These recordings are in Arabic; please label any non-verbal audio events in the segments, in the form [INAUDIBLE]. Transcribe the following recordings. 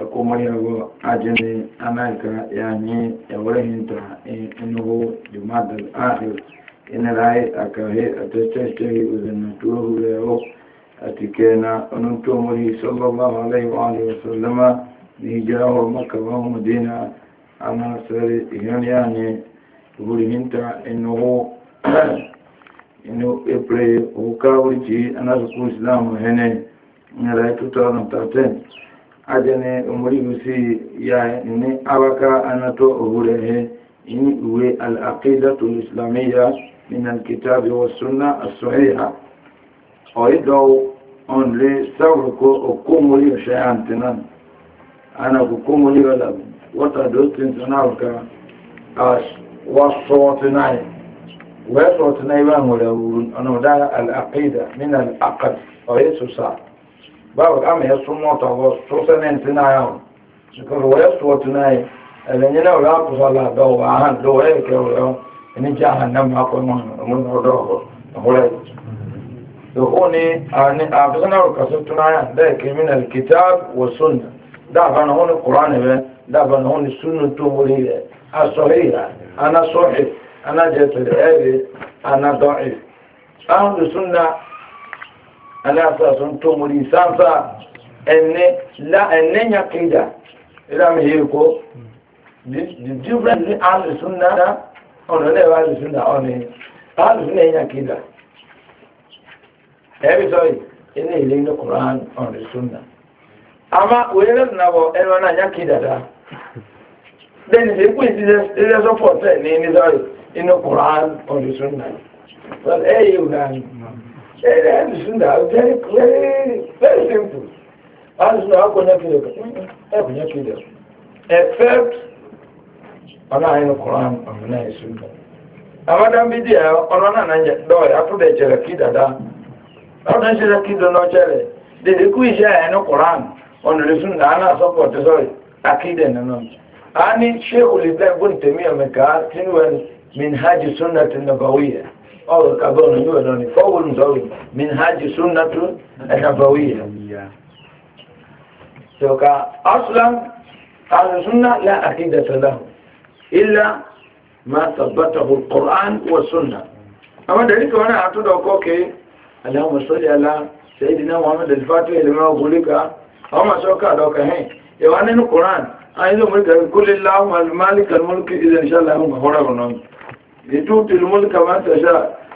ta kuma yawo ajini amurka ya yi yawarinta inuhu jumadar ahir ina raye a kahe a tattacce uzannatuwa hulayo a tike na onutomori sallallahu alaihi wa sallama ni hijirawa makaban madina a nasarar iyan ya ne hulahinta inuhu [CLEARS THROAT] inu april hukawar ci a nasarar islam hene na raye 2013 ajene umuri gusi ya ni awaka anato uhurehe ini uwe al-aqidatu al-islamiyya min al-kitab wa sunna as-sahiha oido onle sawruko okumuli shayantinan ana kukumuli wala wata dotin sanawka as wasotinai wasotinai wa mulawun ana da al-aqida min al-aqd oyesu sa'a báwo ká mi yẹ súnmọ́ tọ̀wọ́ tó sẹ́mẹ̀ntì náà yà ṣùkúrù wọ́n yẹ sùwọ́ tún náà yẹ ẹ̀lẹ́yìn náà rà kùsọ̀ làdọ̀ wà á hàn lọ́wọ́ ẹ̀ kẹ́ ọ̀rọ̀ ẹni jẹ́ àhàn náà máa kọ́ mọ́ ọmọdé ọ̀dọ̀ ọ̀rọ̀ ẹ̀. Yòókù ni àfisàn náà kàṣẹ tún náà yà bẹ́ẹ̀ kí mi nàlẹ́ kìtà wọ̀ sùnà dáàbà anasa sun tumuri sansa enne la enne ya kida ila mi hiri ko the difference in ahlu sunna ọ̀nà lẹ́wọ̀ ahlu kida ẹbí sọ́yì ilé ilé ní koran ọ̀nà sunna ama òye lẹ́nu náà bọ̀ ẹnu kida dá dẹ́ni ṣe kú ìdílé sọ́pọ̀ tẹ̀ ní ní sọ́yì inú koran ọ̀nà sunna e Very simple. Very clear. Very simple. As now, how can you feel it? How can you feel Except, ọ̀nà àyẹ̀nù Quran ọ̀nà ìsúná. Àbádá bí díẹ̀ ọ̀nà náà náà jẹ́ dọ́ọ̀ àtúndà da kí dàda. Ọ̀nà ìṣẹ̀lẹ̀ kí dùn náà jẹ́rẹ̀. Dèdè kú iṣẹ́ àyẹ̀nù Quran ọ̀nà ìsúná àná àsọ́pọ̀ tẹ́sọ̀rì àkídẹ̀ nínú. A ní ṣé olùdẹ́ gbọ́ntẹ̀mí ọ̀mẹ̀ká tínú ẹ̀ min hajj sunnah أو الكابون يولوني فول زوج من هذه سنة النبوية سوكا أصلا أهل السنة لا عقيدة له إلا ما ثبته القرآن والسنة أما ذلك وأنا أعتقد أوكي اللهم صل على سيدنا محمد الفاتح لما أقولك أما سوكا دوكا هين يوانا القرآن أيضا ملك كل اللهم المالك الملك إذا إن شاء الله هم هنا بنون لتوت الملك ما تشاء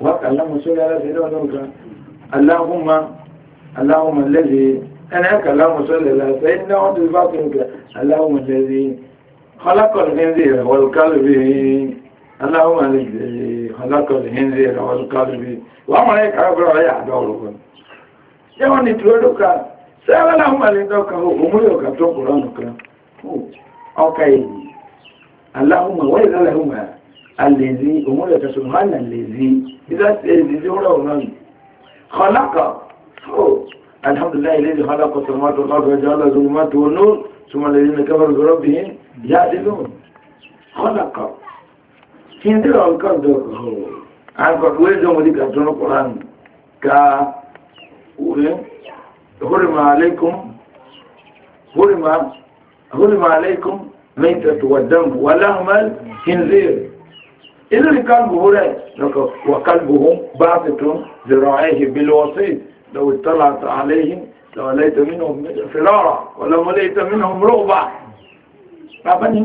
وكلمه سوريا الذي لا نرجع اللهم اللهم الذي أنا كلام صلى الله عليه وسلم عند الباطن اللهم الذي خلق الخنزير والقلب اللهم الذي خلق الخنزير والقلب وما هيك عبر يا دورك يوم نتولوك سأل لهم الذي هو أمريك تقرأ نكرا أوكي اللهم وإذا لهما الذي أمولة سبحان الذي إذا الذي هو من خلق الحمد لله الذي خلق السماوات والأرض وجعل الظلمات والنور ثم الذين كفروا بربهم يعدلون خلق كندر الكرد عن قد ويزم ذيك أتون القرآن ك حرم عليكم حرم حرم عليكم ميتة والدم ولهم الخنزير إذن هو لا وقلبه باطت ذراعيه بالوسيط لو اطلعت عليهم لوليت منهم فرارا ولوليت منهم رغبة